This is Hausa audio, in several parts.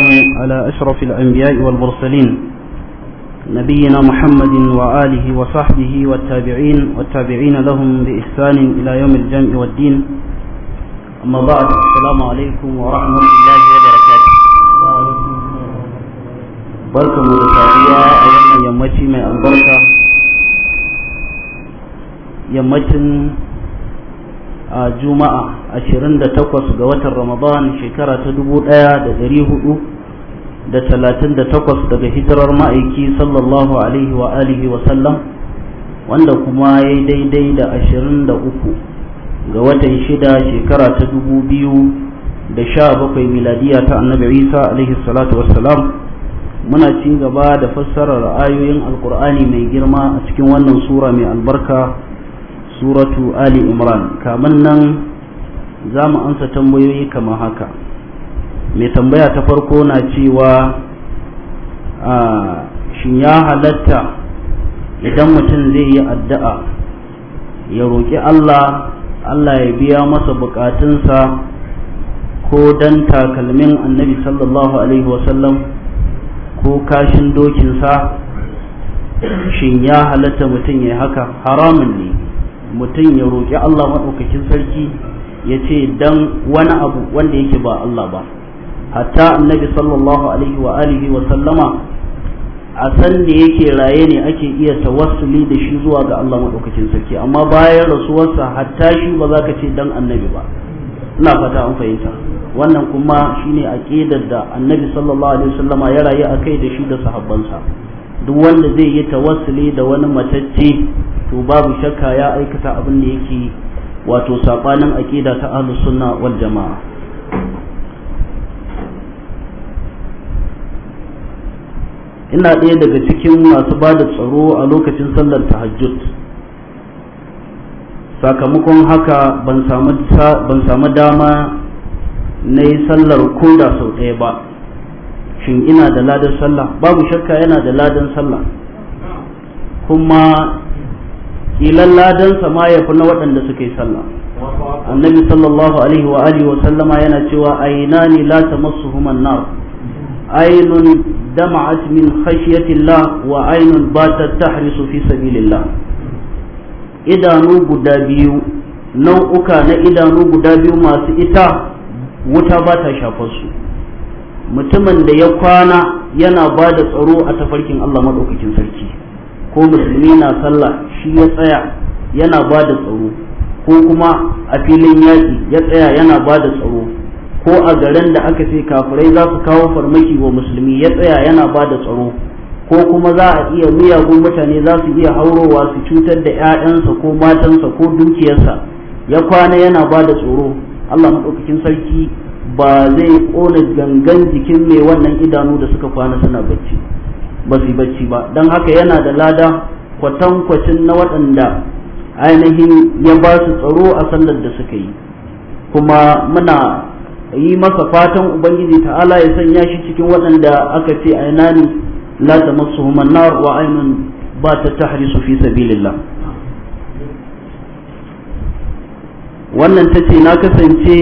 والسلام على أشرف الأنبياء والمرسلين نبينا محمد وآله وصحبه والتابعين والتابعين لهم بإحسان إلى يوم الجمع والدين أما بعد السلام عليكم ورحمة الله وبركاته barkan mu da يمتي من wannan yammaci a juma'a 28 ga watan ramadan shekara ta 1438 daga hijirar ma'aiki sallallahu alaihi wa alihi wa wanda kuma ya yi daidai da 23 ga watan shida shekara ta 2017 miladiya ta annabi isa alaihi salatu wassalam muna ci gaba da fassarar ayoyin alkur'ani mai girma a cikin wannan sura mai albarka suratu ali imran kamar nan za mu ansa tambayoyi kamar haka mai tambaya ta farko na cewa shin ya halatta idan mutum zai yi addu'a ya roƙi allah allah ya biya masa buƙatunsa ko dan takalmin annabi sallallahu alaihi wasallam ko kashin dokinsa shin ya halatta mutum ya haka haramun ne mutum ya roƙi Allah maɗaukakin sarki ya ce dan wani abu wanda yake ba Allah ba hatta annabi sallallahu alaihi wa alihi wa sallama a san da yake raye ne ake iya tawassuli da shi zuwa ga Allah maɗaukakin sarki amma bayan rasuwarsa hatta shi ba za ka ce dan annabi ba ina fata an fahimta wannan kuma shine aqidar da annabi sallallahu alaihi wasallama ya rayu akai da shi da sahabbansa duk wanda zai yi tawassuli da wani matacce to babu shakka ya aikata abin da yake wato sabanin aƙida ta ahlus sunna wal jamaa ina ɗaya daga cikin masu ba da tsaro a lokacin sallar tahajjud sakamakon haka ban samu dama na yi sallar koda sau ɗaya ba shin ina da ladan sallah babu shakka yana da ladan sallah kuma ilan ladansa ma ya fi na waɗanda suka yi sallah annabi sallallahu alaihi wa alihi wa sallama yana cewa ainani la tamassuhuma an-nar ainun dama'at min khashyatillah wa ainun batat tahrisu fi sabilillah idanu guda biyu nau'uka na idanu guda biyu masu ita wuta ba ta shafar su mutumin da ya kwana yana ba da tsaro a tafarkin Allah madaukakin sarki ko musulmi na sallah shi ya tsaya yana ba da tsaro ko kuma a filin yaƙi ya tsaya yana ba da tsaro ko a garin da aka ce kafirai za su kawo farmaki wa musulmi ya tsaya yana ba da tsaro ko kuma za a iya miyagun mutane za su iya haurowa su cutar da 'ya'yansa ko matansa ko dukiyarsa ya kwana yana ba da tsoro allah maɗaukakin sarki ba zai ƙona gangan jikin mai wannan idanu da suka kwana suna bacci ba su bacci ba don haka yana da lada kwatankwacin na waɗanda ainihin ya ba su tsaro a sallar da suka yi kuma muna yi masa fatan ubangiji ta'ala ya sanya shi cikin waɗanda aka ce ainani ne lada masu humannar wa ainihin ba ta su fi sabilillah wannan ta ce na kasance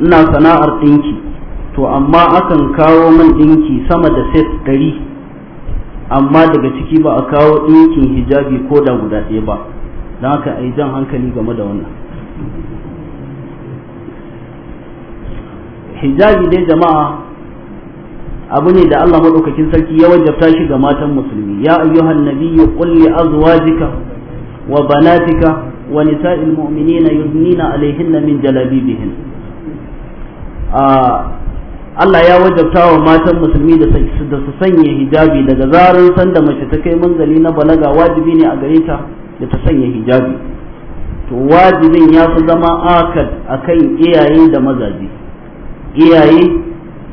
ina sana'ar ɗinki to amma akan kawo man ɗinki sama da set ɗari amma daga ciki ba a kawo ɗinkin hijabi ko da guda ɗaya ba don haka a yi jan hankali game da wannan hijabi dai jama'a abu ne da Allah maɗaukakin sarki ya wajabta shi ga matan musulmi ya ayyuhan nabiyyu qul li azwajika wa banatika wa nisa'il mu'minina yudnina na min jalabibihin a ah, Allah ya wajabta wa matan musulmi da su sanya hijabi daga zarar san da mace ta kai manzali na balaga wajibi ne a gare ta da ta sanya hijabi to wajibin ya fi zama akad akan iyaye da mazaje iyaye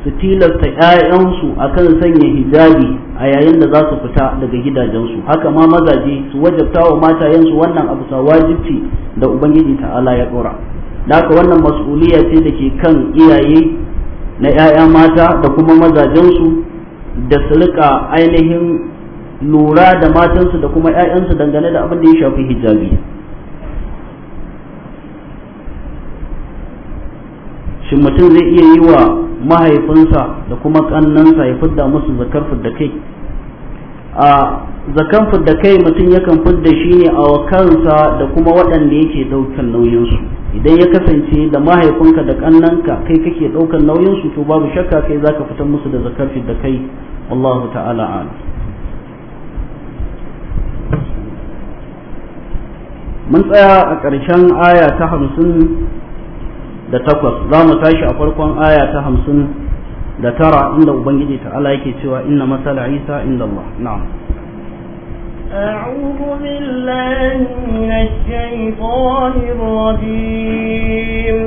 su tilasta 'ya'yansu akan sanya hijabi a yayin da za su fita daga gidajensu haka ma mazaje su wajabta wa matayensu wannan abu sa wajibci da ubangiji ta'ala ya ɗora da haka wannan mas'uliya ce da ke kan iyaye na 'ya'ya mata da kuma mazajensu da su rika ainihin lura da matansu da kuma 'ya'yansu dangane da abin da ya shafi hijabi shi mutum zai iya yi wa mahaifinsa da kuma kannansa ya fidda musu zakar da kai a zakan fidda kai mutum yakan fidda shi ne a kansa da kuma waɗanda yake ɗaukar nauyinsu idan ya kasance da mahaifinka da ƙannanka kai kake ɗaukan nauyinsu to babu shakka kai zaka fitar musu da zakar fidda kai Allahu ta'ala ala mun tsaya a ƙarshen aya ta hamsin da takwas za mu tashi a farkon aya ta hamsin da tara inda ubangiji ta'ala yake cewa inna masala isa inda Allah na'am أعوذ بالله من الشيطان الرجيم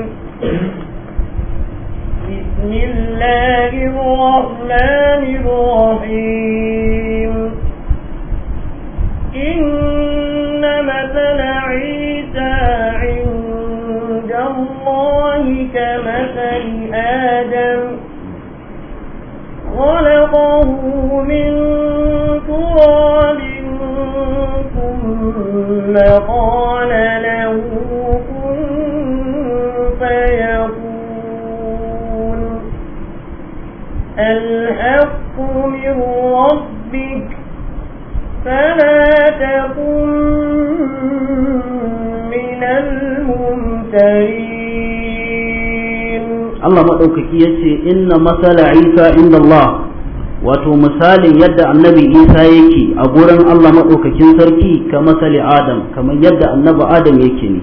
بسم الله الرحمن الرحيم إن مثل عيسى عند الله كمثل آدم خلقه من تراب ثم قال له كن فيكون الحق من ربك فلا تكن من الممترين Allah maɗaukaki ya ce inna masala isa inda wato misalin yadda annabi isa yake a gurin Allah maɗaukakin sarki ka masali adam kamar yadda annabi adam yake ne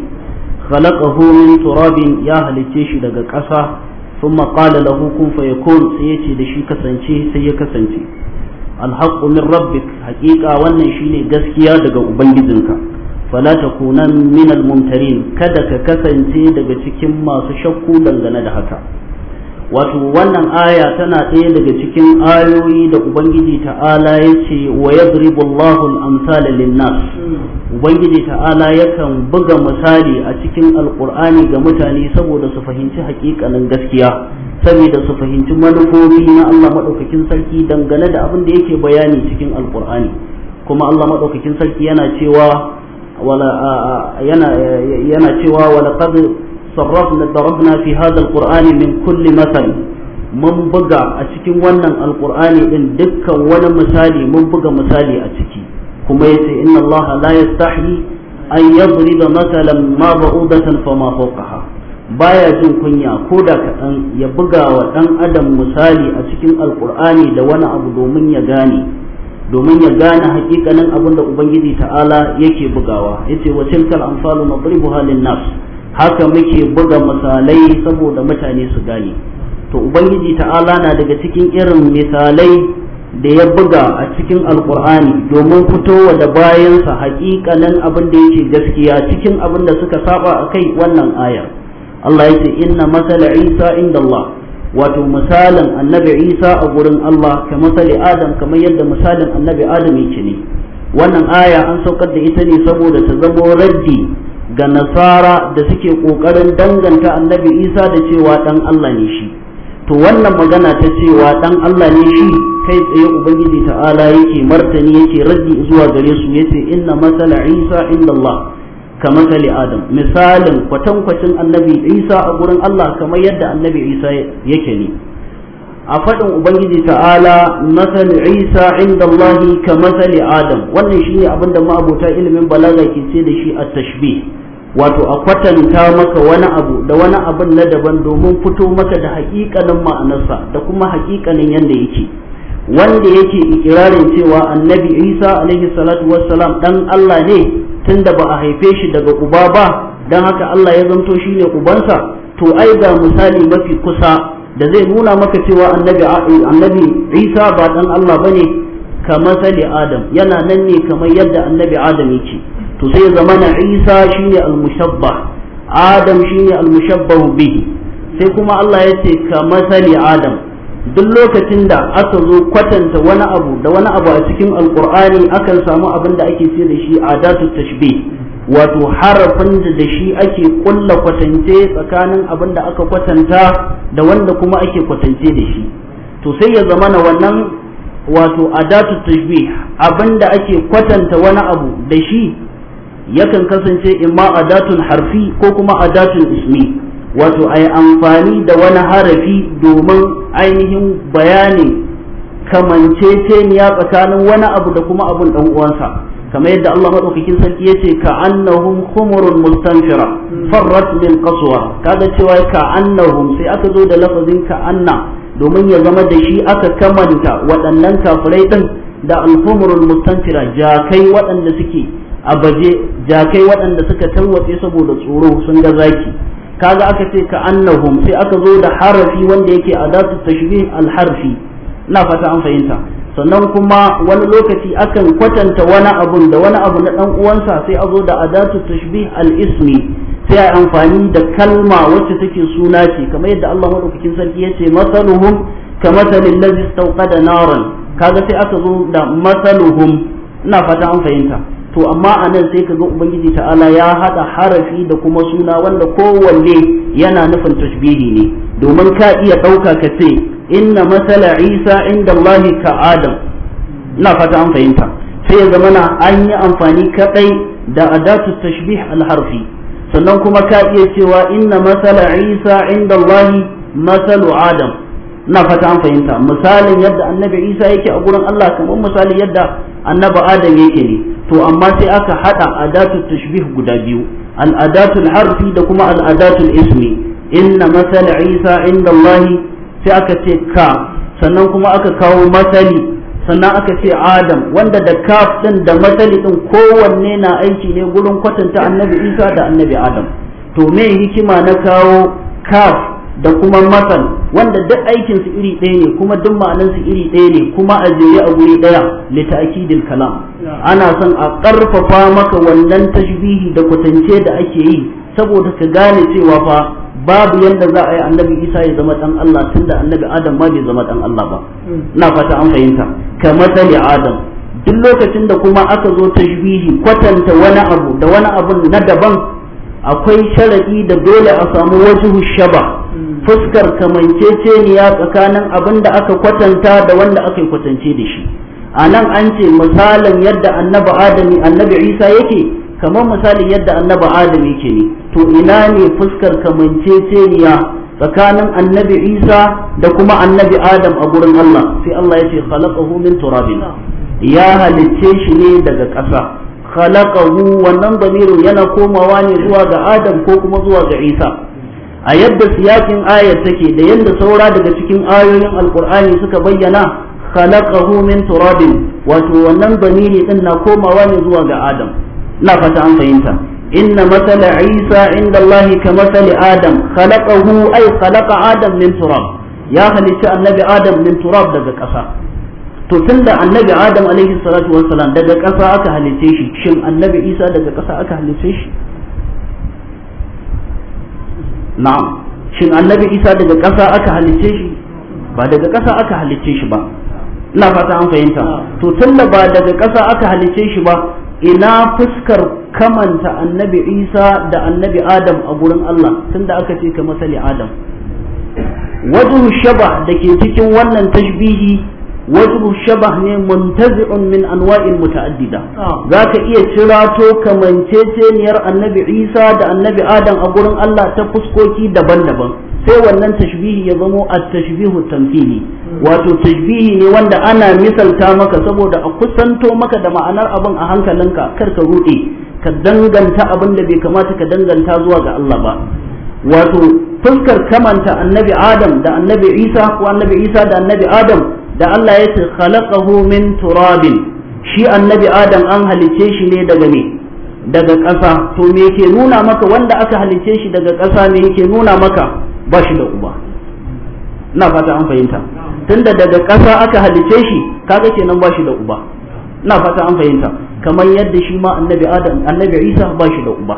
khalaqahu min turabin ya halicce shi daga ƙasa sun qala lahu kun fayakun sai yace da shi kasance sai ya kasance alhaqqu min rabbik haƙiƙa wannan shine gaskiya daga ubangijinka fala takunan min almumtarin kada ka kasance daga cikin masu shakku dangane da haka wato wannan aya tana ɗaya daga cikin ayoyi da ubangiji ta'ala ya ce wa yadribu Allahu amsala ubangiji ta'ala yakan buga misali a cikin alƙur'ani ga mutane saboda su fahimci haƙiƙanin gaskiya saboda su fahimci manufofi na Allah maɗaukakin sarki dangane da abin da yake bayani cikin alkur'ani kuma Allah maɗaukakin sarki yana cewa wala yana yana cewa wala sarrafna darabna fi hadha alqur'ani min kulli masal mun buga a cikin wannan alqur'ani din dukkan wani misali mun buga misali a ciki kuma yace inna allaha la yastahi an yadriba masalan ma ba'udatan fama fawqaha baya jin kunya ko da kaɗan ya buga wa ɗan adam misali a cikin alkur'ani da wani abu domin ya gane domin ya gane hakikanin abin da ubangiji ta'ala yake bugawa yace wa tilkal amsalu nadribuha lin nas haka muke buga misalai saboda mutane su gane to ubangiji ta'ala na daga cikin irin misalai da ya buga a cikin alkur'ani domin fitowa da bayansa hakikanin abin da yake gaskiya cikin abin da suka saba a kai wannan aya. Allah ya ce inna masala isa inda Allah wato misalin annabi isa a gurin Allah ka masali adam kamar yadda misalin annabi adam yake ne wannan aya an saukar da ita ne saboda ta zamo raddi ga nasara da suke ƙoƙarin danganta annabi isa da cewa ɗan allah ne shi to wannan magana ta cewa ɗan allah ne shi kai tsaye ubangiji ta'ala yake martani yake rage zuwa gare su yace inna masala isa inda allah ka matsali adam misalin kwatankwacin annabi isa a gurin allah kamar yadda annabi isa yake ne a faɗin ubangiji ta'ala masal isa inda allahi ka masali adam wannan shine ne abinda ma'abota ilimin balaga ke ce da shi a tashbih wato a kwatanta maka wani abu da wani abin na daban domin fito maka da haƙiƙanin ma'anarsa da kuma haƙiƙanin yadda yake wanda yake ikirarin cewa annabi isa alaihi salatu wassalam dan allah ne tunda ba a haife shi daga uba ba don haka allah ya zanto shi ne ubansa to ai ga misali mafi kusa da zai nuna maka cewa annabi isa ba dan allah bane ka masali adam yana nan ne kamar yadda annabi adam yake to sai zama na isa shine al mushabba adam shine al-mushabbah bihi sai kuma Allah ya ce ka masali adam duk lokacin da aka zo kwatanta wani abu da wani abu a cikin alkur'ani akan samu abin da ake ce da shi adatu tashbih wato harafin da da shi ake kulla kwatance tsakanin abin da aka kwatanta da wanda kuma ake kwatance da shi to sai ya zama na wannan wato adatu tashbih abin da ake kwatanta wani abu da shi yakan kasance imma adatun harfi ko kuma adatun ismi wato a amfani da wani harafi domin ainihin bayanin kamanceceniya tsakanin wani abu da kuma abun dan uwansa kamar yadda Allah madaukakin sarki yace ka annahum khumurun mustanfira farrat min qaswa kaga cewa ka annahum sai aka zo da lafazin ka anna domin ya zama da shi aka kamanta waɗannan kafirai din da al-khumurul mustanfira jakai waɗanda suke a baje jakai waɗanda suka tarwatse saboda tsoro sun ga zaki kaga aka ce ka annahum sai aka zo da harafi wanda yake adatu tashbih alharfi na fata an fahimta sannan kuma wani lokaci akan kwatanta wani abun da wani abu na dan uwansa sai a zo da adatu tashbih al sai a amfani da kalma wacce take suna ce kamar yadda Allah madaukakin sarki yace masaluhum kamathalil ladzi istawqada naran kaga sai aka zo da masaluhum ina fata an fahimta to amma a nan sai kaga ubangiji ta'ala ya haɗa harafi da kuma suna wanda kowanne yana nufin tashbihi ne domin ka iya ɗauka ka ce inna masala isa inda Allah ka adam ina fata an fahimta sai ya zama na an yi amfani kaɗai da adatu tashbih alharfi sannan kuma ka iya cewa inna masala isa inda Allah masalu adam ina fata an fahimta misalin yadda annabi isa yake a gurin Allah kamar misalin yadda annabi adam yake ne to amma sai aka hada adatu tashbih guda biyu al adatu harfi da kuma al adatu ismi inna masal isa inda Allah sai aka ce ka sannan kuma aka kawo masali sannan aka ce adam wanda da kaf din da masali din kowanne na aiki ne gurin kwatanta annabi isa da annabi adam to me hikima na kawo kaf da kuma matan wanda duk aikin su iri ɗaya ne kuma duk ma'anan su iri ɗaya ne kuma a jere a guri ɗaya li ta'kidil kalam ana son a ƙarfafa maka wannan tashbihi da kwatance da ake yi saboda ka gane cewa fa babu yadda za a yi annabi isa ya zama dan allah tunda annabi adam ma bai zama dan allah ba ina fata an fahimta ka matsali adam duk lokacin da kuma aka zo tashbihi kwatanta wani abu da wani abu na daban akwai sharadi da dole a samu wajihu shaba fuskar kamanceceniya tsakanin abin da aka kwatanta da wanda aka kwatance da shi a nan an ce misalin yadda annabi adami annabi isa yake kamar misalin yadda annabi adami ke ne to ina ne fuskar kamanceceniya tsakanin annabi isa da kuma annabi adam a gurin allah sai allah ya ce khalaqahu min turabin ya halicce shi ne daga ƙasa khalaqahu wannan damirin yana komawa ne zuwa ga adam ko kuma zuwa ga isa a yadda siyakin ayar take da yadda saura daga cikin ayoyin alkur'ani suka bayyana khalaqahu min turabin wato wannan zamiri din na komawa ne zuwa ga adam ina fata an fahimta inna matala isa inda allahi ka matali adam khalaqahu ay khalaqa adam min turab ya halitta annabi adam min turab daga ƙasa to tunda annabi adam alaihi salatu wassalam daga ƙasa aka halitte shi shin annabi isa daga ƙasa aka halitte shi na'am shin annabi isa daga ƙasa aka halicce shi ba daga ƙasa aka halicce shi ba ina fata an fahimta to tunda ba daga ƙasa aka halicce shi ba ina fuskar kamanta annabi isa da annabi adam a gurin allah tunda aka ce ka masali adam wajen shaba da ke cikin wannan tashbihi wasu shabah ne muntazi'un min anwa'in muta'addida zaka iya cirato kamanceceniyar annabi Isa da annabi Adam a gurin Allah ta fuskoki daban-daban sai wannan tashbihi ya zamo a tashbihu tamfili. wato tashbihi ne wanda ana misalta maka saboda a kusanto maka da ma'anar abin a hankalinka kar ka ruɗe ka danganta abin da bai kamata ka danganta zuwa ga Allah ba wato fuskar kamanta annabi Adam da annabi Isa ko annabi Isa da annabi Adam da Allah ya ce khalaqahu min turabin shi annabi adam an halice shi ne daga me daga ƙasa to me yake nuna maka wanda aka halice shi daga ƙasa me yake nuna maka ba shi da uba ina fata an fahimta tunda daga ƙasa aka halice shi kaga kenan ba shi da uba ina fata an fahimta kamar yadda shi ma annabi adam annabi isa ba shi da uba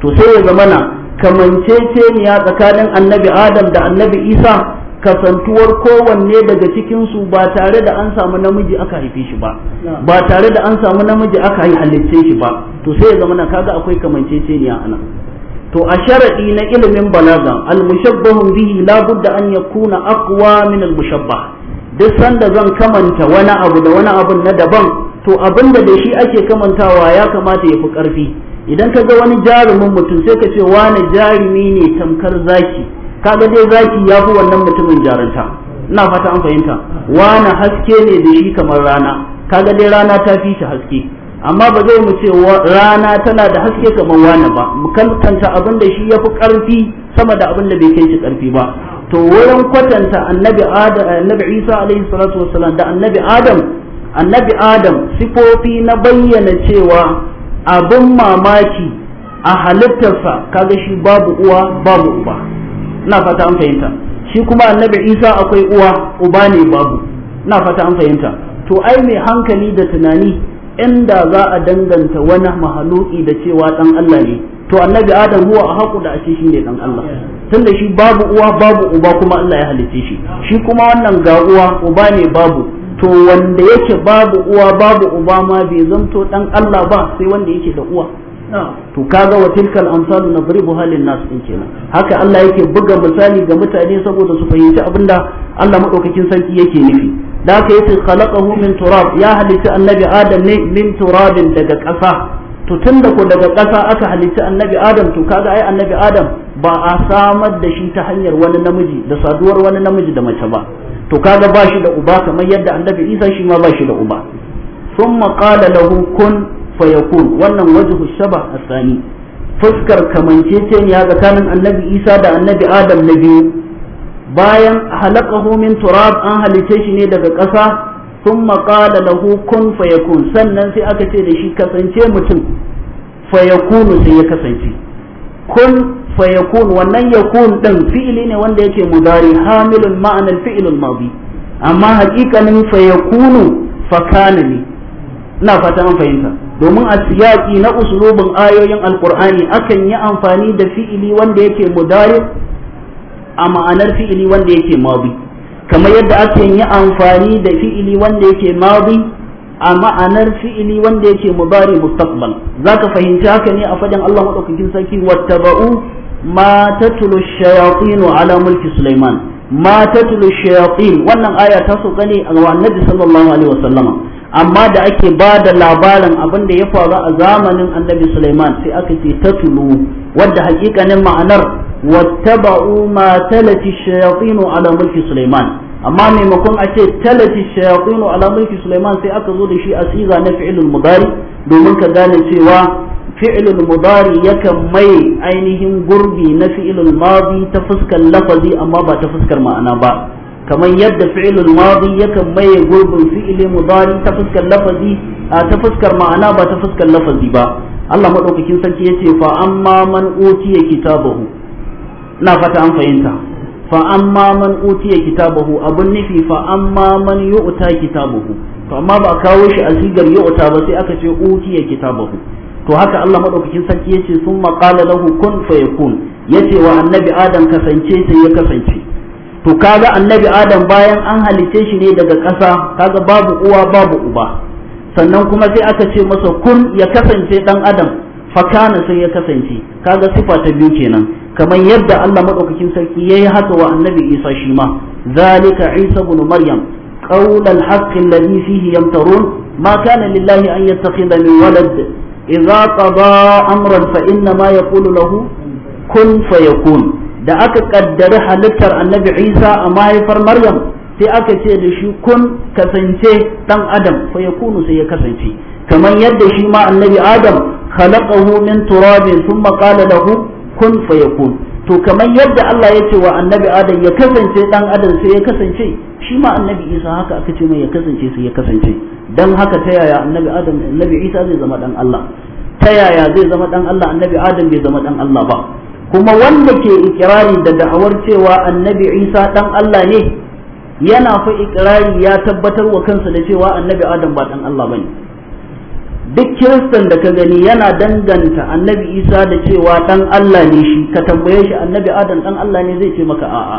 to sai ya zamana kamanceceniya tsakanin annabi adam da annabi isa kasantuwar kowanne daga cikinsu ba tare da an samu namiji aka haife shi ba ba tare da an samu namiji aka yi halitce shi ba to sai ya zama na kaga akwai kamanceceniya a nan to a sharadi na ilimin balaga almushabbahun bihi budda an yakuna aqwa min mushabbah duk sanda zan kamanta wani abu da wani abun na daban to abinda da shi ake kamantawa ya kamata ya fi karfi idan ka ga wani jarumin mutum sai ka ce wani jarumi ne tamkar zaki kaga dai zaki ya fi wannan mutumin jaranta ina fata an fahimta wani haske ne da shi kamar rana kaga dai rana ta fi shi haske amma ba zai mu ce rana tana da haske kamar wani ba mu kantanta abin da shi ya fi ƙarfi sama da abin da bai kai shi ƙarfi ba to wurin kwatanta annabi adam annabi isa alaihi salatu wassalam da annabi adam annabi adam sifofi na bayyana cewa abin mamaki a halittarsa kaga shi babu uwa babu uba ina fata an fahimta shi kuma annabi isa akwai uwa uba ne babu ina fata an fahimta to ai mai hankali da tunani inda za a danganta wani mahaluki da cewa dan Allah ne to annabi adam huwa a haƙu da ake shi ne dan Allah tunda shi babu uwa babu uba kuma Allah ya halitte shi shi kuma wannan ga uwa uba ne babu to wanda yake babu uwa babu uba ma bai zanto dan Allah ba sai wanda yake da uwa to kaga wa tilkal amsalu nadribuha lin nas din kenan haka Allah yake buga misali ga mutane saboda su fahimci abinda Allah madaukakin sarki yake nufi da ka yace khalaqahu min turab ya halitta annabi adam ne min turabin daga ƙasa to tunda ko daga kasa aka halitta annabi adam to kaga ai annabi adam ba a samar da shi ta hanyar wani namiji da saduwar wani namiji da mace ba to kaga bashi da uba kamar yadda annabi isa shi ma ba shi da uba ثم قال له كن fayakun wannan wajhu shaba asani fuskar ya tsakanin annabi isa da annabi adam na biyu bayan halakahu min turab an halice shi ne daga ƙasa sun maƙala lahukun kun fayakun sannan sai aka ce da shi kasance mutum fayakunu sai ya kasance kun fayakun wannan yakun ɗin fi'ili ne wanda yake mudari hamilun ma'anar fi'ilul madi amma haƙiƙanin fayakunu fakana ne ina fata an fahimta domin a siyaki na usulubin ayoyin alkur'ani akan yi amfani da fi'ili wanda yake mudari a ma'anar fi'ili wanda yake madi kamar yadda ake yi amfani da fi'ili wanda yake madi a ma'anar fi'ili wanda yake mudari mustaqbal zaka fahimci haka ne a fadin Allah madaukakin sarki wattaba'u ma tatlu shayatin ala mulki Sulaiman ma tatlu shayatin wannan aya ta sauka ne ga Annabi sallallahu alaihi wasallama amma da ake ba da labarin abin da ya faru a zamanin annabi Sulaiman sai aka ce ta tulu wadda hakikanin ma'anar wattaba'u ma talati shayatinu ala mulki suleiman amma maimakon a ce talati shayatinu ala mulki suleiman sai aka zo da shi a siga na fi'ilul mudari domin ka gane cewa fi'ilul mudari yakan mai ainihin gurbi na fi'ilul madi ta fuskar lafazi amma ba ta fuskar ma'ana ba kamar yadda fi'ilul madi yakan maye gurbin fi'ilin mudari ta fuskar lafazi ta fuskar ma'ana ba ta fuskar lafazi ba Allah madaukakin sarki yace fa amma man utiya kitabahu na fata an fahimta fa amma man utiya kitabahu abun nufi fa amma man yu'ta kitabahu to amma ba kawo shi a sigar yu'ta ba sai aka ce utiya kitabahu to haka Allah madaukakin sarki yace summa qala lahu kun fayakun yace wa annabi adam kasance sai ya kasance to kaga annabi adam bayan an halice shi ne daga ƙasa kaga babu uwa babu uba sannan kuma sai aka ce masa kun ya kasance dan adam fakana sai ya kasance kaga sifa ta biyu kenan kamar yadda Allah madaukakin sarki yayi haka wa annabi Isa shi ma zalika Isa ibn Maryam qawl al-haqq alladhi fihi yamtarun ma kana lillahi an yattakhidha min walad idza qada amran fa inna ma yaqulu lahu kun fayakun da aka kaddari halittar annabi isa a mahaifar maryam sai aka ce da shi kun kasance dan adam fa yakunu sai ya kasance kamar yadda shi ma annabi adam khalaqahu min turabin thumma qala lahu kun fayakun to kamar yadda Allah ya ce wa annabi adam ya kasance dan adam sai ya kasance shi ma annabi isa haka aka ce mai ya kasance sai ya kasance dan haka ta yaya annabi adam annabi isa zai zama dan Allah ta yaya zai zama dan Allah annabi adam bai zama dan Allah ba kuma wanda ke ikirari da da'awar cewa annabi isa dan Allah ne yana fa ikirari ya tabbatar wa kansa da cewa annabi adam ba dan Allah bane duk kiristan da ka gani yana danganta annabi isa da cewa dan Allah ne shi ka tambaye shi annabi adam dan Allah ne zai ce maka a'a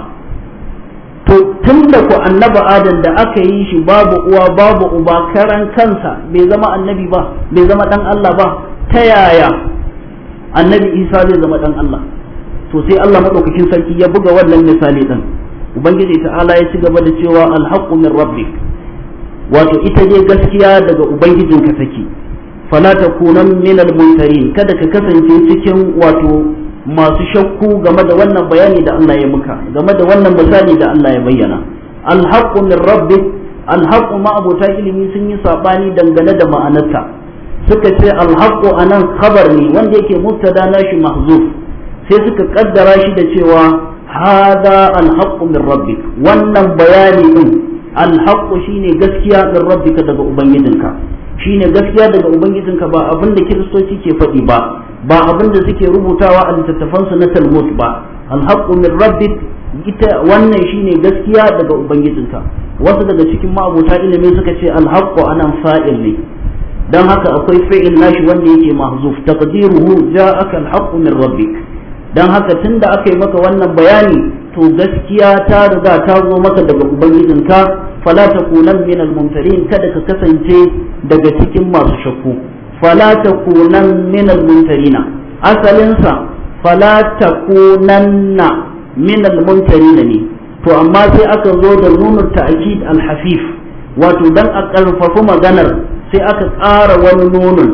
to tun da ku annabi adam da aka yi shi babu uwa babu uba karan kansa bai zama annabi ba bai zama dan Allah ba ta yaya annabi isa zai zama dan Allah to sai Allah madaukakin sarki ya buga wannan misali din ubangiji ta'ala ya ci gaba da cewa alhaqqu min rabbik wato ita ne gaskiya daga ka saki fala takunan min almuntarin kada ka kasance cikin wato masu shakku game da wannan bayani da Allah ya muka game da wannan misali da Allah ya bayyana alhaƙumin min rabbik alhaqqu ma abota ilimi sun yi sabani dangane da ma'anarta suka ce alhaqqu anan khabar ne wanda yake mubtada nashi mahzuf sai suka kaddara shi da cewa hada alhaqqu min rabbik wannan bayani din alhaqu shine gaskiya min rabbika daga ubangijinka shine gaskiya daga ubangijinka ba abin da kiristoci ke faɗi ba ba abin da suke rubutawa a littattafansu na talmud ba alhaqqu min rabbik ita wannan shine gaskiya daga ubangijinka wasu daga cikin ma'abuta ilimi suka ce alhaqu anan fa'il ne dan haka akwai fi'il nashi wanda yake mahzuf taqdiruhu ja'aka alhaqqu min rabbik don haka tun da aka yi maka wannan bayani to gaskiya ta riga ta zo maka daga ubangijinka fala takunan min almumtarin kada ka kasance daga cikin masu shakku fala takunan min almumtarina asalinsa fala takunanna min almumtarina ne to amma sai aka zo da nunut ta'kid alhafif wato dan a karfafa maganar sai aka ƙara wani nunun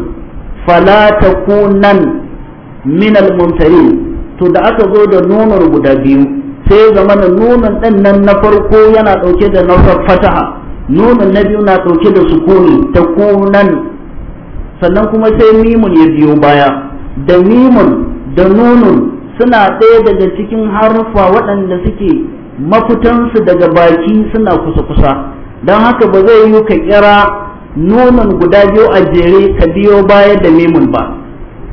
fala takunan min almumtarin to da aka zo da nonon guda biyu sai zama da nonon ɗin nan na farko yana ɗauke da nasar fataha nonon na biyu na ɗauke da sukuni ta kunan sannan kuma sai mimun ya biyo baya da mimun da nonon suna ɗaya daga cikin harufa waɗanda suke mafitansu daga baki suna kusa-kusa don haka ba zai yi ka kira nonon guda biyu a jere ka biyo baya da mimun ba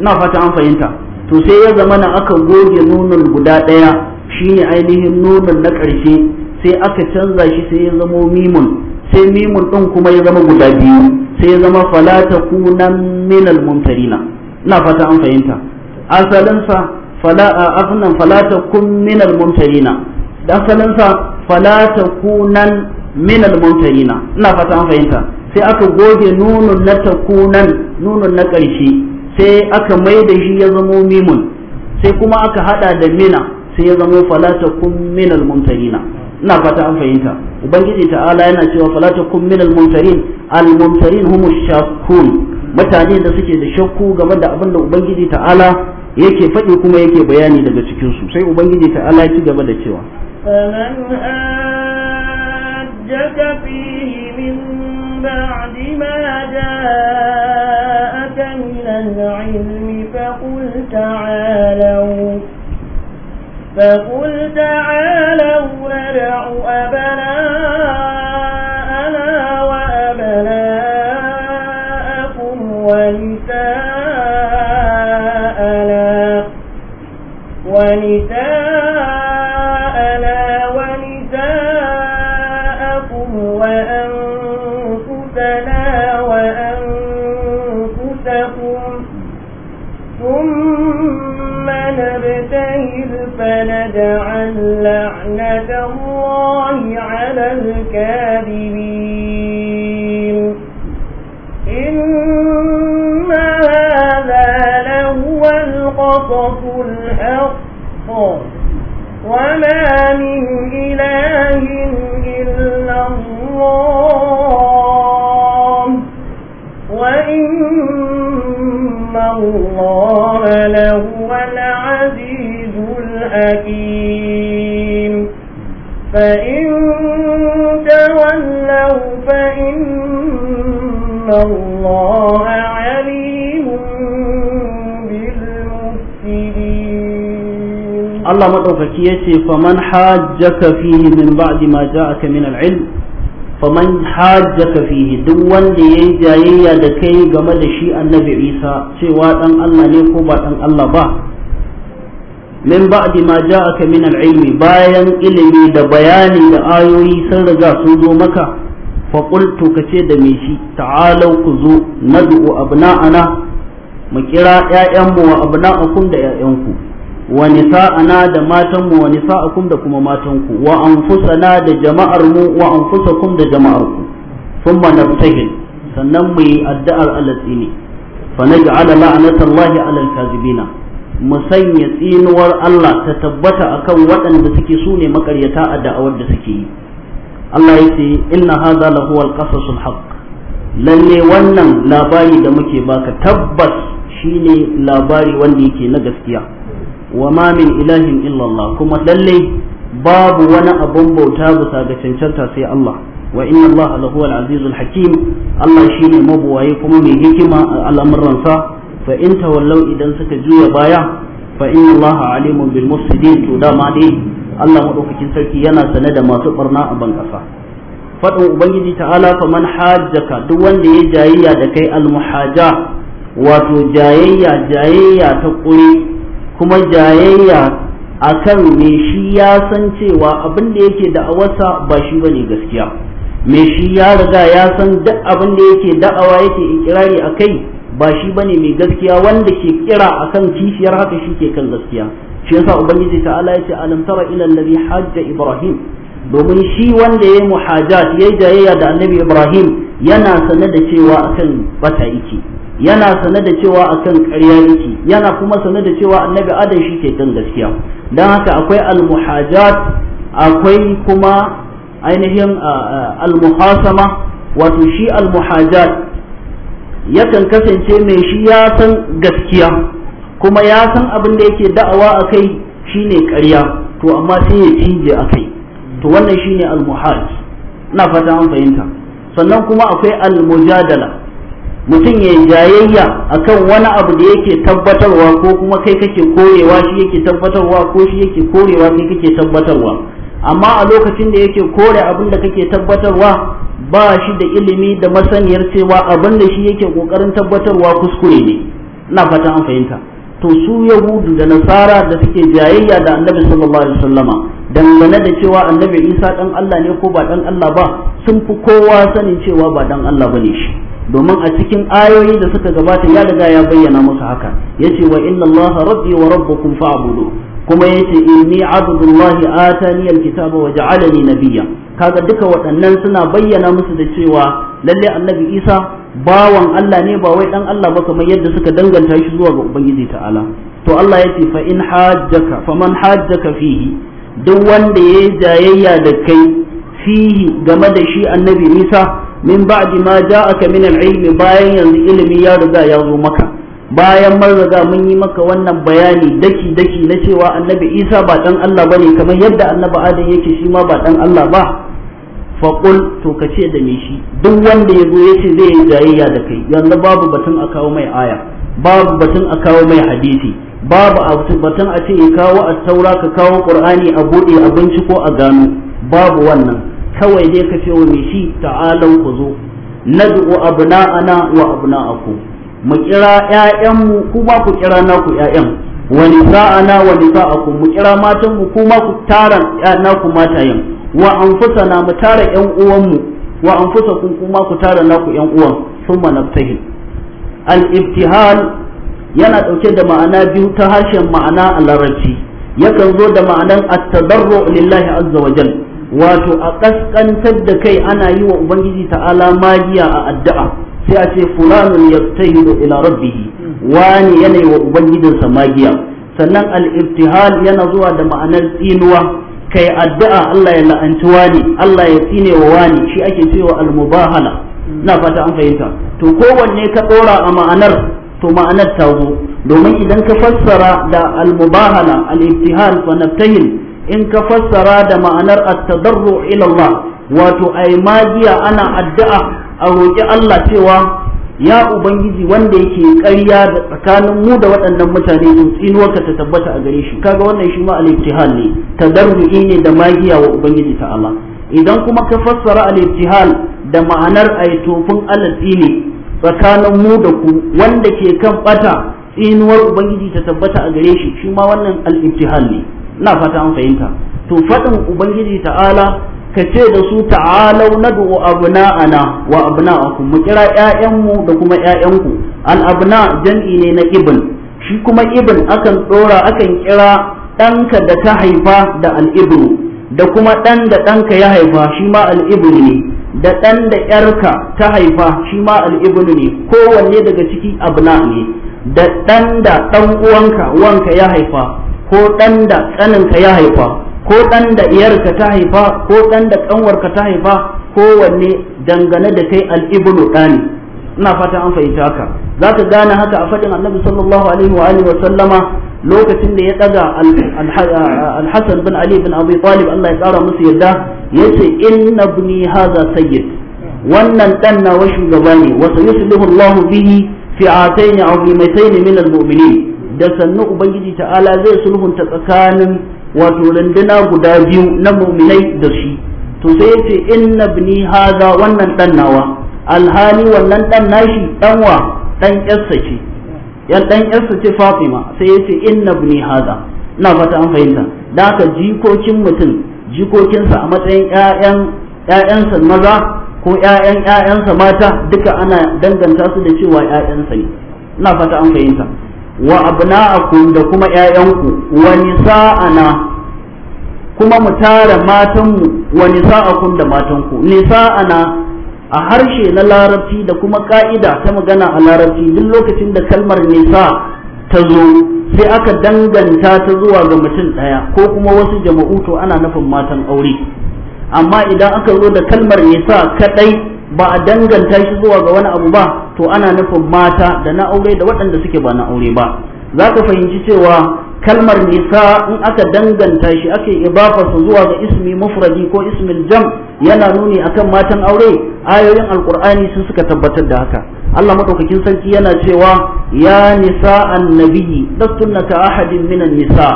ina fata an fahimta to sai ya zama na aka goge nunin guda ɗaya shi ne ainihin nunin na ƙarshe sai aka canza shi sai ya zama mimun sai mimun ɗin kuma ya zama guda biyu sai ya zama falata kunan minal mumtarina na fata an fahimta asalinsa afnan falata kun minal mumtarina asalinsa falata kunan minal mumtarina na fata an fahimta sai aka goge nunun na ta kunan nunun na ƙarshe sai aka mai da shi ya zamo mimun sai kuma aka hada da mina sai ya zamo falata kun minal mumtarina ina fata an fahimta ubangiji ta'ala yana cewa falata kun minal mumtarin al mumtarin humu shakun mutane da suke da shakku game da abin da ubangiji ta'ala yake faɗi kuma yake bayani daga cikin su sai ubangiji ta'ala ya ci gaba da cewa فمن أجك فيه من بعد ما جاء العلم فقل تعالوا فقل تعالوا ندع أبناءنا يجعل لعنة الله على الكاذبين إن هذا لهو القصص الحق وما من إله إلا الله وإن الله حكيم فإن تولوا فإن الله Allah maɗaukaki ya ce, Faman hajjaka fihi min ba'di ma ja'aka min al-ilm faman hajjaka fihi duk wanda ya yi jayayya da kai game da shi annabi Isa cewa ɗan Allah ne ko ba ɗan Allah ba, min ba'di ma ja'aka min al-ilmi bayan ilimi da bayani da ayoyi sun riga sun zo maka fa qultu kace da me shi ta'alu ku zo nad'u abna'ana mu kira mu wa abna'akum da ku wa nisa'ana da matanmu wa nisa'akum da kuma matanku wa anfusana da jama'armu wa anfusakum da jama'arku thumma nabtahil sannan mu yi addu'ar alatsini fa naj'ala 'ala al-kadhibina 'alal kadhibina mu sanya tsinuwar Allah ta tabbata akan waɗanda suke su ne makaryata a da'awar da suke yi Allah ya ce inna hadha lahu al-qasasul haqq lalle wannan labari da muke baka tabbas shine labari wanda yake na gaskiya wa ma min ilahin illa Allah kuma lalle babu wani abun bauta bisa ga cancanta sai Allah wa inna Allah lahu al-azizul hakim Allah shine mabuwaye kuma mai hikima al'amuransa fa in tawallau idan suka juya baya fa inna allaha alimun bil mufsidin to dama dai Allah madaukakin sarki yana sane da masu barna a ban kasa ubangiji ta'ala fa man hajjaka duk wanda ya jayayya da kai al muhaja wato jayayya jayayya ta kuri kuma jayayya akan me shi ya san cewa abin da yake da'awarsa ba shi bane gaskiya me shi ya riga ya san duk abin da yake da'awa yake ikirari akai ba shi bane mai gaskiya wanda ke kira akan kishiyar haka shi ke kan gaskiya shi yasa ubangiji ta'ala ya ce alam tara ila allazi hajja ibrahim domin shi wanda yayi muhajat yayi jayayya da annabi ibrahim yana sane da cewa akan bata yake yana sane da cewa akan ƙarya yake yana kuma sane da cewa annabi adam shi ke kan gaskiya dan haka akwai almuhajat akwai kuma ainihin almuhasama wato shi al almuhajat yakan kasance mai shi ya san gaskiya kuma ya san abin da yake da'awa a kai shi ne ƙarya to amma sai ya cije a kai to wannan shi ne almuhal ina fata an fahimta sannan kuma akwai al mutum ya jayayya a kan wani abu da yake tabbatarwa ko kuma kai kake korewa shi yake tabbatarwa ko shi yake korewa kai kake tabbatarwa amma a lokacin da yake kore abin da kake tabbatarwa ba shi da ilimi da masaniyar cewa abin da shi yake kokarin tabbatarwa kuskure ne ina fatan an fahimta to su yahudu da nasara da suke jayayya da annabi sallallahu alaihi wasallama dangane da cewa annabi isa dan allah ne ko ba dan allah ba sun fi kowa sanin cewa ba dan allah bane shi domin a cikin ayoyi da suka gabata ya riga ya bayyana musu haka yace wa inna allaha rabbi wa rabbukum fa'budu kuma yace inni abdullahi atani alkitaba wa ja'alani nabiyya kaga duka waɗannan suna bayyana musu da cewa lalle annabi isa bawan Allah ne ba wai dan Allah ba kamar yadda suka danganta shi zuwa ga ubangiji ta'ala to Allah yace fa in hajjaka faman hajjaka fihi duk wanda yayi jayayya da kai fihi game da shi annabi isa min ba'di ma ja'aka min al-ilmi bayan yanzu ilimi ya riga ya zo maka bayan marzaga mun yi maka wannan bayani daki daki na cewa annabi isa ba dan Allah ba ne kamar yadda annabi adam yake shi ma ba dan Allah ba faƙul to ka ce da me shi duk wanda ya zo ya ce zai yi jayayya da kai yanzu babu batun a kawo mai aya babu batun a kawo mai hadisi babu batun a ce ya kawo a taura ka kawo qur'ani a buɗe a binciko a gano babu wannan kawai dai ka ce wa me shi ta'alan ku zo nad'u abna'ana wa abna'akum mu kira ƴaƴanmu ku ba ku kira naku ƴaƴan wa nisa'ana wa nisa'akum mu kira matanmu ku ma ku tara naku matayen wa anfusana mu tara ƴan uwanmu wa anfusakum kuma ku tara naku ƴan uwan thumma nabtahil al-ibtihal yana dauke da ma'ana biyu ta harshen ma'ana a larabci yakan zo da ma'anan at-tadarru lillahi azza wa jalla wato a kaskantar da kai ana yi wa ubangiji ta'ala magiya a addu'a sai a ce fulanun yabtahidu ila rabbihi wani yanayi wa ubangijinsa magiya sannan al-ibtihal yana zuwa da ma'anar tsinuwa kai addu'a Allah ya la'anci wani Allah ya tsine wa wani shi ake cewa al-mubahala ina fata an fahimta to kowanne ka dora a ma'anar to ma'anar ta zo domin idan ka fassara da al-mubahala al-ibtihal fa nabtahil in ka fassara da ma'anar at-tadarru ila Allah wato ai magiya ana addu'a a roƙi Allah cewa ya ubangiji wanda yake ƙarya da tsakanin mu da waɗannan mutane in tsinuwarka ta tabbata a gare shi kaga wannan shi ma al-ibtihal ne tadarru'i ne da magiya wa ubangiji ta'ala idan kuma ka fassara al-ibtihal da ma'anar ai tofin alatsi ne tsakanin mu da ku wanda ke kan bata tsinuwar ubangiji ta tabbata a gare shi shi ma wannan al-ibtihal ne ina fata an fahimta to faɗin ubangiji ta'ala ka ce da su ta'alau nad'u abna'ana wa abna'akum mu kira ƴaƴanmu da kuma ƴaƴanku al abna jam'i ne na ibin, shi kuma ibin akan tsora akan kira ɗanka da ta haifa da al da kuma ɗan da ɗanka ya haifa shi ma al ne da ɗan da ƴarka ta haifa shi ma al ne kowanne daga ciki abna ne da ɗan da ɗan uwanka wanka ya haifa ko ɗan da tsaninka ya haifa ko ɗan da iyarka ta haifa ko ɗan da ƙanwarka ta haifa kowanne dangane da kai al'ibnu ɗani ina fata an fahimta haka za ka gane haka a faɗin annabi sallallahu alaihi wa alihi wa sallama lokacin da ya ɗaga alhassan bin ali bin abu talib allah ya tsara musu yadda ya ce inna buni haza sayyid wannan ɗan nawa shugaba ne wa sayuslihu allah bihi fi'atayn azimatayn min al mumini da sannu ubangiji ta'ala zai sulhunta tsakanin wato runduna guda biyu na muminai da shi to sai ya ce inna bini haza wannan dan nawa alhali wannan dan nashi dan wa dan yarsa ce yan dan yarsa ce Fatima sai ya ce inna bini haza ina fata an fahimta da haka jikokin mutum jikokinsa a matsayin ƴaƴan ƴaƴansa maza ko ƴaƴan ƴaƴansa mata duka ana danganta su da cewa ƴaƴansa ne ina fata an fahimta wa abna'akum da kuma ƴaƴanku wa nisa'ana kuma mu tara matanmu wa nisa'akum da matanku nisa'ana a harshe na larabci da kuma ka'ida ta magana a larabci duk lokacin da kalmar nisa ta zo sai aka danganta ta zuwa ga mutum ɗaya ko kuma wasu jama'u to ana nufin matan aure amma idan aka zo da kalmar nisa kaɗai ba a danganta shi zuwa ga wani abu ba to ana nufin mata da na aure da waɗanda suke ba na aure ba za ka fahimci cewa kalmar nisa in aka danganta shi ake ibafarsa zuwa ga ismi mufradi ko ismin jam yana nuni akan matan aure ayoyin alƙur'ani sun suka tabbatar da haka Allah madaukakin sarki yana cewa ya nisa annabi lastunna ahadin minan nisa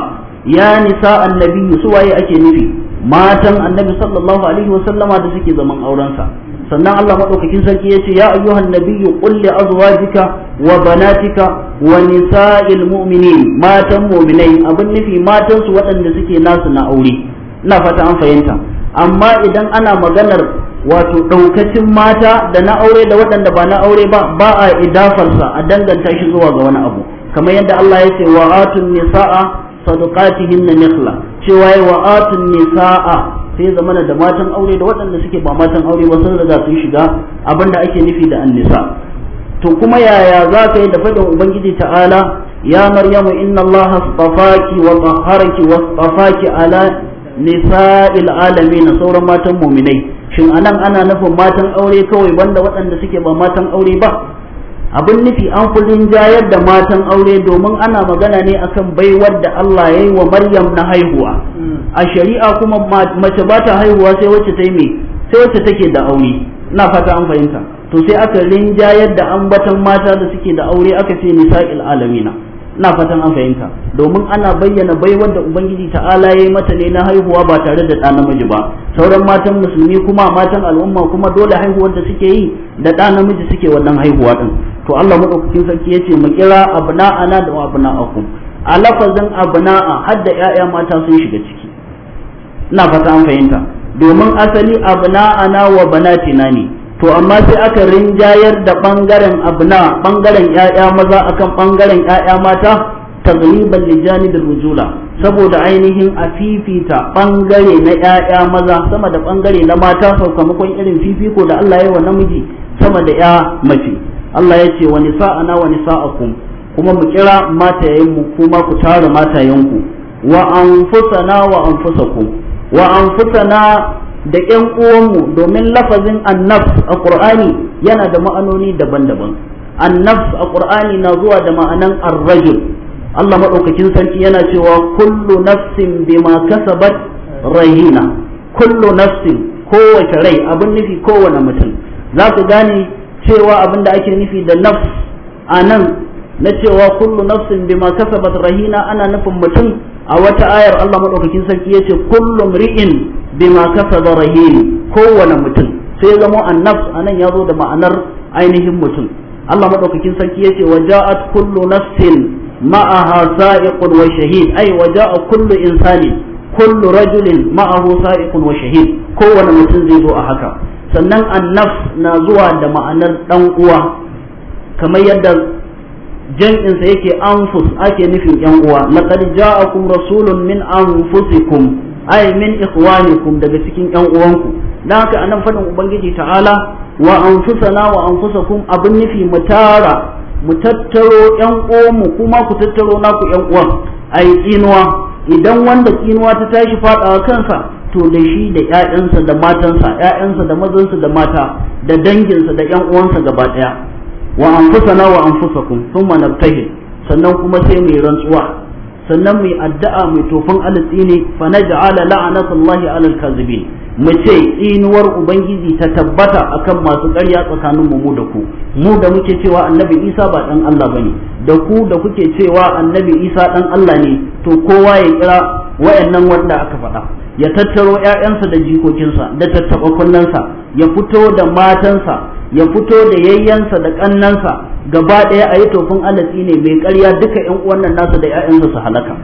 ya nisa annabi su waye ake nufi matan annabi sallallahu alaihi wasallama da suke zaman aurensa sannan Allah madaukakin sarki ce ya ayyuhan nabiyyu qul li azwajika wa banatika wa nisa'il mu'minin matan mu'minai abin nufi matan su waɗanda suke nasu na aure ina fata an fahimta amma idan ana maganar wato ɗaukacin mata da na aure da waɗanda ba na aure ba ba a idafarsa a danganta shi zuwa ga wani abu kamar yadda Allah ya ce wa atun nisa'a sadaqatihinna nikhla cewa wa atun nisa'a sai zamana da matan aure da waɗanda suke ba matan aure ba sun riga sun shiga da ake nufi da annisa to kuma yaya za ka yi da faɗin ubangiji ta'ala ya maryamu inna allaha astafaki wa tahharaki wa astafaki ala nisa'il na sauran matan mu'minai shin anan ana nufin matan aure kawai banda waɗanda suke ba matan aure ba abin nufi an kudin jayar da matan aure domin ana magana ne akan baiwar da Allah ya yi wa Maryam na haihuwa a shari'a kuma mace ba ta haihuwa sai wacce ta yi sai wacce take da aure na fata an fahimta to sai aka rinjayar da ambatan mata da suke da aure aka ce nisa'il alamina na fatan an fahimta domin ana bayyana baiwar da ubangiji ta'ala ya yi mata ne na haihuwa ba tare da ɗa namiji ba sauran matan musulmi kuma matan al'umma kuma dole haihuwar da suke yi da ɗa namiji suke wannan haihuwa din to Allah madaukakin sarki yace mu kira abna'ana da abna'akum a lafazin abna'a har da ƴaƴa mata sun shiga ciki ina fata an fahimta domin asali abna'ana wa banatina ne to amma sai aka rinjayar da bangaren abna bangaren ƴaƴa maza akan bangaren ƴaƴa mata tagliban lijani da rujula saboda ainihin a fifita bangare na ƴaƴa maza sama da bangare na mata sakamakon irin fifiko da Allah ya yi wa namiji sama da ƴa mace Allah ya ce wa nisa'ana wa nisa'akum kuma mu kira matayenmu kuma ku tara matayenku wa anfusana wa anfusakum wa anfusana da ƴan uwanmu domin lafazin annaf a ƙur'ani yana da ma'anoni daban-daban annaf a ƙur'ani na zuwa da ma'anan arrajul Allah maɗaukakin sarki yana cewa kullu nafsin bima kasabat rahina kullu nafsin kowace rai abin nufi kowane mutum za ku gane cewa abin da ake nufi da nafs a nan na cewa kullu nafsin bima kasabat rahina ana nufin mutum a wata ayar Allah madaukakin sarki yace kullu mri'in bima kasaba rahin kowane mutum sai zama a anan ya zo da ma'anar ainihin mutum Allah madaukakin sarki yace wa ja'at kullu nafsin ma'aha sa'iqun wa shahid ay wa ja'a kullu insani kullu rajulin ma'ahu sa'iqun wa shahid kowane mutum zai zo a haka sannan annaf na zuwa da ma'anar dan uwa kamar yadda jam'insa yake anfus ake nufin yan uwa laqad ja'akum rasulun min anfusikum ay min ikhwanikum daga cikin yan uwanku dan haka anan fadin ubangiji ta'ala wa anfusana wa anfusakum abin nufi mu tara mu tattaro yan uwanmu kuma ku tattaro naku yan uwan ay tsinuwa idan wanda tsinuwa ta tashi fadawa kansa to da shi da ƴaƴansa da matansa ƴaƴansa da mazansa da mata da danginsa da ƴan uwansa gaba ɗaya wa anfusana wa anfusakum thumma nabtahi sannan kuma sai mai rantsuwa sannan mai addu'a mai tofin alatsi ne fa naj'ala 'ala al kadhibin mu ce tsinuwar ubangiji ta tabbata akan masu ƙarya tsakanin mu da ku mu da muke cewa annabi isa ba dan allah bane da ku da kuke cewa annabi isa dan allah ne to kowa ya kira wayannan wanda aka faɗa ya tattaro 'ya'yansa da jikokinsa da tattaɓa kunnensa ya fito da matansa ya fito da yayyansa da kannansa gaba ɗaya a yi tofin alatsi ne mai karya duka yan uwannan nasa da ƴaƴansa su halaka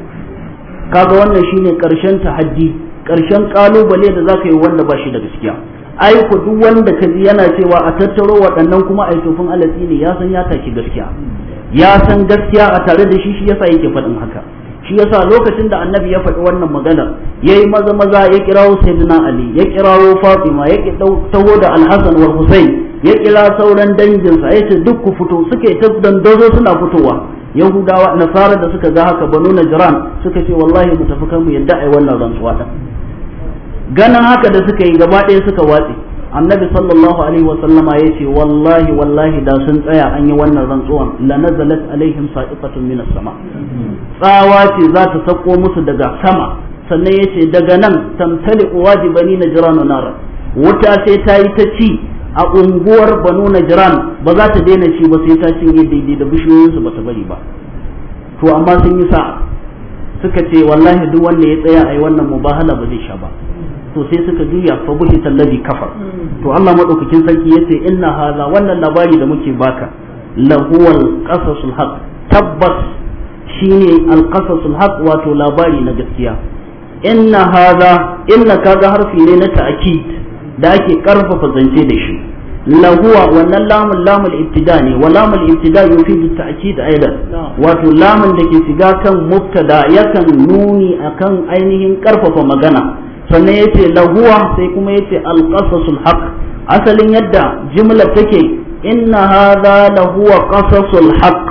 kaga wannan shine karshen tahaddi ƙarshen ƙalubale da zaka yi wanda ba shi da gaskiya ai ku duk wanda ka ji yana cewa a tattaro waɗannan kuma a yi tofin alatsi ne ya san ya taki gaskiya ya san gaskiya a tare da shi shi yasa yake faɗin haka shi yasa lokacin da annabi ya faɗi wannan maganar yi maza maza ya kirawo sayyidina ali ya kirawo fatima ya taho da alhasan wal husayn ya kira sauran danginsa ya ce duk ku fito suke ta dandazo suna fitowa yahudawa nasara da suka ga haka banu najran suka ce wallahi mu tafi kan mu yadda ai wannan rantsuwa din ganin haka da suka yi gaba ɗaya suka watse annabi sallallahu alaihi wasallama ya ce wallahi wallahi da sun tsaya an yi wannan rantsuwan la nazalat alaihim sa'iqatun min sama tsawa ce za ta sako musu daga sama sannan ya ce daga nan tamtali wajibani na jiranu wuta sai ta yi ta ci a unguwar banu jiran ba za ta daina ci ba sai ta cinye daidai da bishiyoyinsu ba ta bari ba to amma sun yi sa'a suka ce wallahi duk wanda ya tsaya a yi wannan mubahala ba zai sha ba to sai suka juya fa buhi tallazi kafar to Allah madaukakin sarki yace inna hadha wannan labari da muke baka lahuwal qasasul haq tabbas shine al qasasul haq wato labari na gaskiya inna hadha inna kaga harfi ne na ta'kid da ake karfafa zance da shi lahuwa wannan lamun lamul ibtida ne wa lamul ibtida yufidu ta'kid aidan wato lamun da ke shiga kan mubtada yakan nuni akan ainihin karfafa magana sannan yace lahuwa sai kuma yace alƙasasul haq asalin yadda jimla take inna hadha lahuwa qasasul haq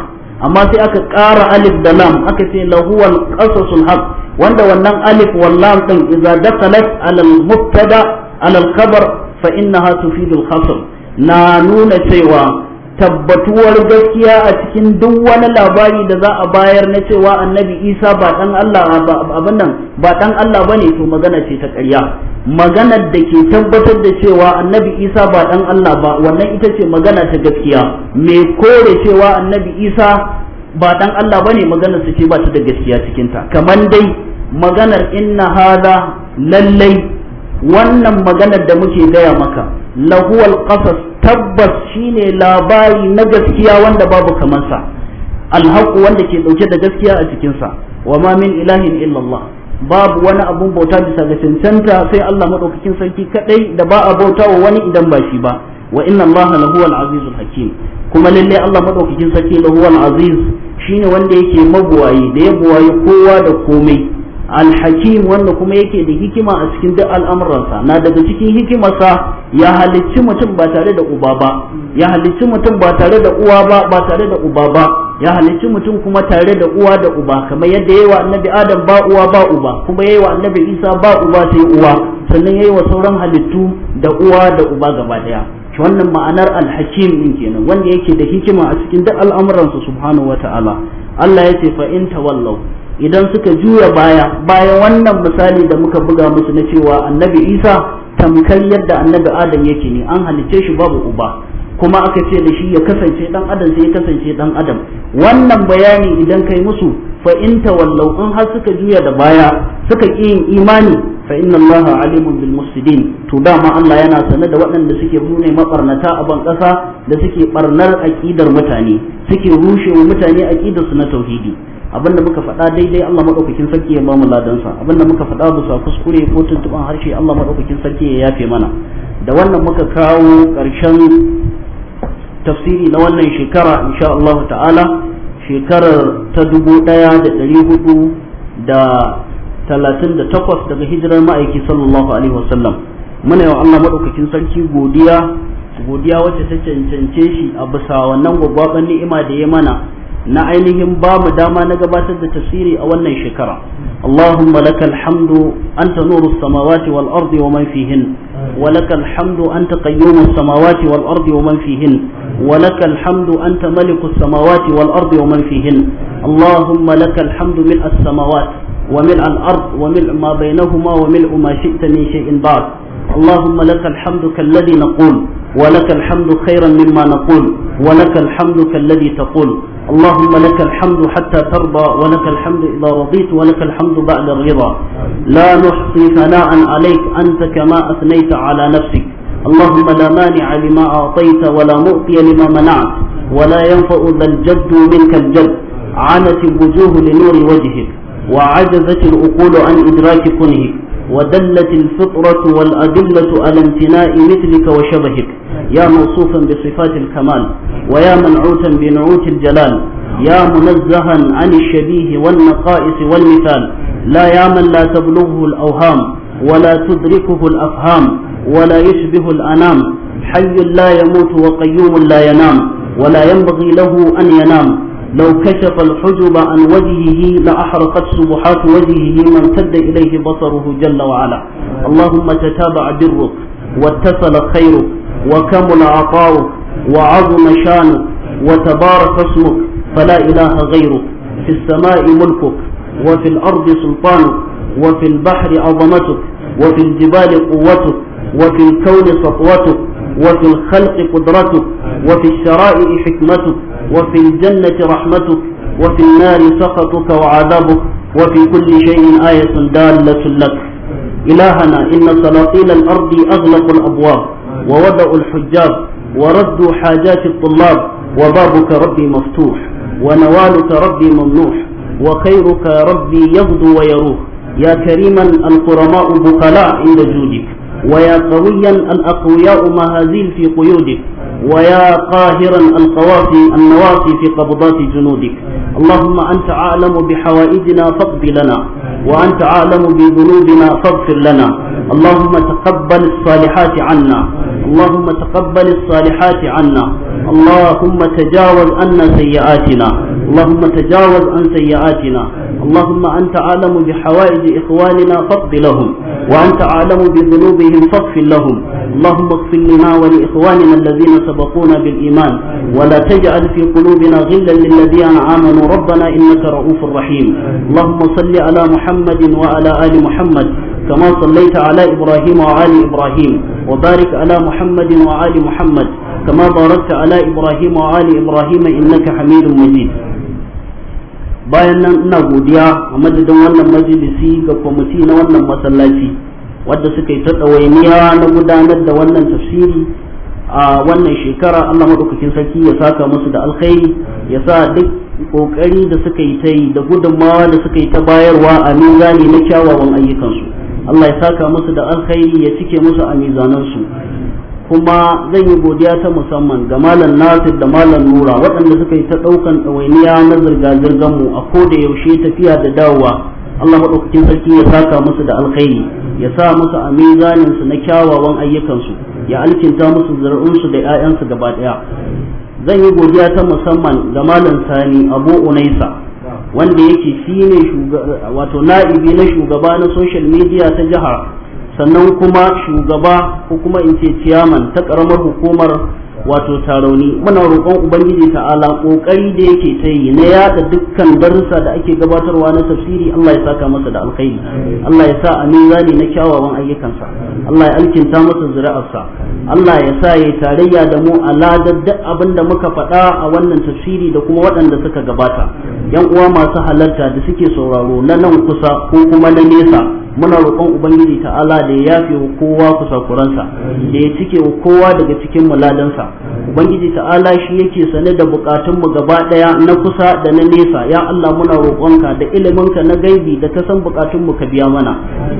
amma sai aka ƙara alif da lam aka ce lahuwa alqasasul haq wanda wannan alif wal lam din idza dakalat ala al mubtada ala al khabar fa innaha tufidu al khasr na nuna cewa tabbatuwar gaskiya a cikin duk wani labari da za a bayar na cewa annabi isa ba dan allah abin nan ba dan allah ba ne to magana ce ta ƙarya maganar da ke tabbatar da cewa annabi isa ba dan allah ba wannan ita ce magana ta gaskiya mai kore cewa annabi isa ba dan allah ba ne maganar su ce ba ta da gaskiya cikinta kamar dai maganar inna hada lallai wannan maganar da muke gaya maka lahuwal qasas tabbas shine labari na gaskiya wanda babu kamansa alhaƙu wanda ke dauke da gaskiya a cikin sa wa ma min ilahin illallah babu wani abun bauta bisa ga cancanta sai Allah madaukakin sarki kadai da ba a bauta wa wani idan ba shi ba wa inna Allah lahu al-azizul hakim kuma lalle Allah madaukakin sarki lahu al-aziz shine wanda yake mabuwaye da ya buwaye kowa da komai alhakim wanda kuma yake da hikima a cikin duk al'amuransa na daga cikin hikimarsa ya halicci mutum ba tare da uba ba ya halicci mutum ba tare da uwa ba ba tare da uba ba ya halicci mutum kuma tare da uwa da uba kamar yadda yayi wa annabi adam ba uwa ba uba kuma yayi wa annabi isa ba uba sai uwa sannan yayi wa sauran halittu da uwa da uba gaba daya wannan ma'anar alhakim din kenan wanda yake da hikima a cikin duk al'amuransa subhanahu wata'ala Allah ya ce fa in idan suka juya baya bayan wannan misali da muka buga musu na cewa annabi isa tamkar yadda annabi adam yake ne an halicce shi babu uba kuma aka ce da shi ya kasance dan adam sai ya kasance dan adam wannan bayani idan kai musu fa in tawallaw in har suka juya da baya suka ki yin imani fa inna allaha alimun bil mufsidin to dama Allah yana sane da waɗanda suke nune mabarnata a ban ƙasa da suke barnar aqidar mutane suke rushewa mutane aqidar su na tauhidi abinda muka faɗa daidai Allah madaukakin sarki ya bamu ladansa abinda muka faɗa bisa kuskure ko tuntuban harshe Allah madaukakin sarki ya yafe mana da wannan muka kawo ƙarshen tafsiri na wannan shekara insha Allah ta'ala shekarar ta dubu ɗaya da ɗari hudu da talatin da takwas daga hijirar ma'aiki sallallahu alaihi wasallam muna yawan Allah maɗaukakin sarki godiya godiya wacce ta cancance shi a bisa wannan gwaggwaɓar ni'ima da ya mana na ainihin ba mu dama na gabatar da tasiri a wannan shekara Allahumma lakal hamdu anta nuru samawati wal ardi wa man fihin wa lakal hamdu anta qayyumu samawati wal ardi wa man fihin wa lakal anta maliku samawati wal ardi wa man Allahumma وملء الأرض وملء ما بينهما وملء ما شئت من شيء بعد اللهم لك الحمد كالذي نقول ولك الحمد خيرا مما نقول ولك الحمد كالذي تقول اللهم لك الحمد حتى ترضى ولك الحمد إذا رضيت ولك الحمد بعد الرضا لا نحصي ثناء عليك أنت كما أثنيت على نفسك اللهم لا مانع لما أعطيت ولا مؤتي لما منعت ولا ينفع ذا الجد منك الجد عنت الوجوه لنور وجهك وعجزت العقول عن إدراك كنهك ودلت الفطرة والأدلة على امتناء مثلك وشبهك يا موصوفا بصفات الكمال ويا منعوتا بنعوت الجلال يا منزها عن الشبيه والنقائص والمثال لا يا من لا تبلغه الأوهام ولا تدركه الأفهام ولا يشبه الأنام حي لا يموت وقيوم لا ينام ولا ينبغي له أن ينام لو كشف الحجب عن وجهه لأحرقت سبحات وجهه ما امتد إليه بصره جل وعلا اللهم تتابع برك واتصل خيرك وكمل عطاؤك وعظم شانك وتبارك اسمك فلا إله غيرك في السماء ملكك وفي الأرض سلطانك وفي البحر عظمتك وفي الجبال قوتك وفي الكون سطوتك وفي الخلق قدرتك وفي الشرائع حكمتك وفي الجنة رحمتك وفي النار سخطك وعذابك وفي كل شيء آية دالة لك إلهنا إن سلاطين الأرض أغلقوا الأبواب ووضعوا الحجاب وردوا حاجات الطلاب وبابك ربي مفتوح ونوالك ربي ممنوح وخيرك ربي يغدو ويروح يا كريما القرماء بخلاء عند جودك ويا قويا الأقوياء مهازيل في قيودك ويا قاهرا القوافي النوافي في قبضات جنودك اللهم أنت عالم بحوائجنا فاقض لنا وأنت عالم بذنوبنا فاغفر لنا اللهم تقبل الصالحات عنا اللهم تقبل الصالحات عنا اللهم تجاوز عنا سيئاتنا اللهم تجاوز عن سيئاتنا اللهم أنت عالم بحوائج إخواننا فقد لهم وأنت عالم بذنوبهم فاغفر لهم اللهم اغفر لنا ولإخواننا الذين سبقونا بالإيمان ولا تجعل في قلوبنا غلا للذين آمنوا ربنا إنك رؤوف رحيم اللهم صل على محمد وعلى آل محمد كما صليت على إبراهيم وعلى إبراهيم وبارك على محمد وعلى محمد كما باركت على إبراهيم وعلى إبراهيم إنك حميد مجيد bayan nan ina godiya a madadin wannan majalisi ga kwamiti na wannan masallaci wadda suka yi ta ɗawainiya na gudanar da wannan tafsiri a wannan shekara allah maɗaukakin sarki ya saka musu da alkhairi ya sa duk ƙoƙari da suka yi ta yi da gudunmawa da suka yi ta bayarwa a mizani na kyawawan ayyukansu allah ya saka musu da alkhairi ya cike musu a mizanansu kuma zan yi godiya ta musamman ga malam nasir da malam nura waɗanda suka yi ta ɗaukan ɗawainiya na zirga-zirgar mu a ko da yaushe tafiya da dawowa Allah maɗaukakin sarki ya saka musu da alkhairi ya sa musu a mizaninsu na kyawawan ayyukansu ya alkinta musu zuri'unsu da 'ya'yansu gaba ɗaya zan yi godiya ta musamman ga malam sani abu unaisa wanda yake shi ne wato na'ibi na shugaba na social media ta jihar sannan kuma shugaba ko kuma in ce ciyaman ta ƙaramar hukumar wato tarauni muna roƙon ubangiji ta'ala kokari da yake ta yi na yaɗa dukkan darussa da ake gabatarwa na tafsiri Allah ya saka masa da alkhairi Allah ya sa a mizani na kyawawan ayyukansa Allah ya alkinta masa zuri'arsa Allah ya sa ya tarayya da mu a ladar duk muka faɗa a wannan tafsiri da kuma waɗanda suka gabata yan uwa masu halarta da suke sauraro na nan kusa ko kuma na nesa muna roƙon ubangiji ta'ala da ya yafe wa kowa kusakuransa da ya cike wa kowa daga cikin muladansa ubangiji ta'ala shi yake sane da bukatun mu gaba daya na kusa da na nesa ya Allah muna roƙonka da iliminka na gaibi da ka san bukatun mu ka biya mana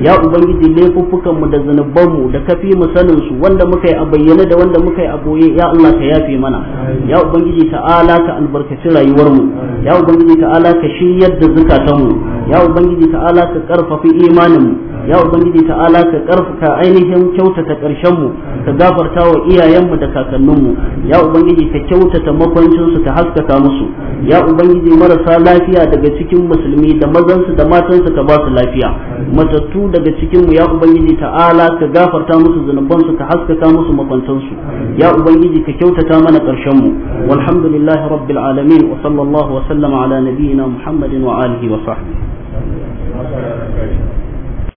ya ubangiji laifuffukan mu da zanuban mu da kafi mu sanin su wanda muka yi a bayyane da wanda muka yi a boye ya Allah ka yafe mana ya ubangiji ta'ala ka albarkaci rayuwar mu ya ubangiji ta'ala ka shiryar da zukatan mu ya ubangiji ta'ala ka karfafi imanin mu ya ubangiji ala ka karfuka ainihin kyautata karshenmu mu ka gafarta wa iyayenmu da kakanninmu ya ubangiji ka kyautata makwancinsu ka haskaka musu ya ubangiji marasa lafiya daga cikin musulmi da mazansu da matansu ka ba su lafiya matattu daga cikinmu mu ya ubangiji ala ka gafarta musu zunubansu ka haskaka musu makwancin ya ubangiji ka kyautata mana karshen mu walhamdulillahi rabbil alamin wa sallallahu wa sallama ala nabiyyina muhammadin wa alihi wa sahbihi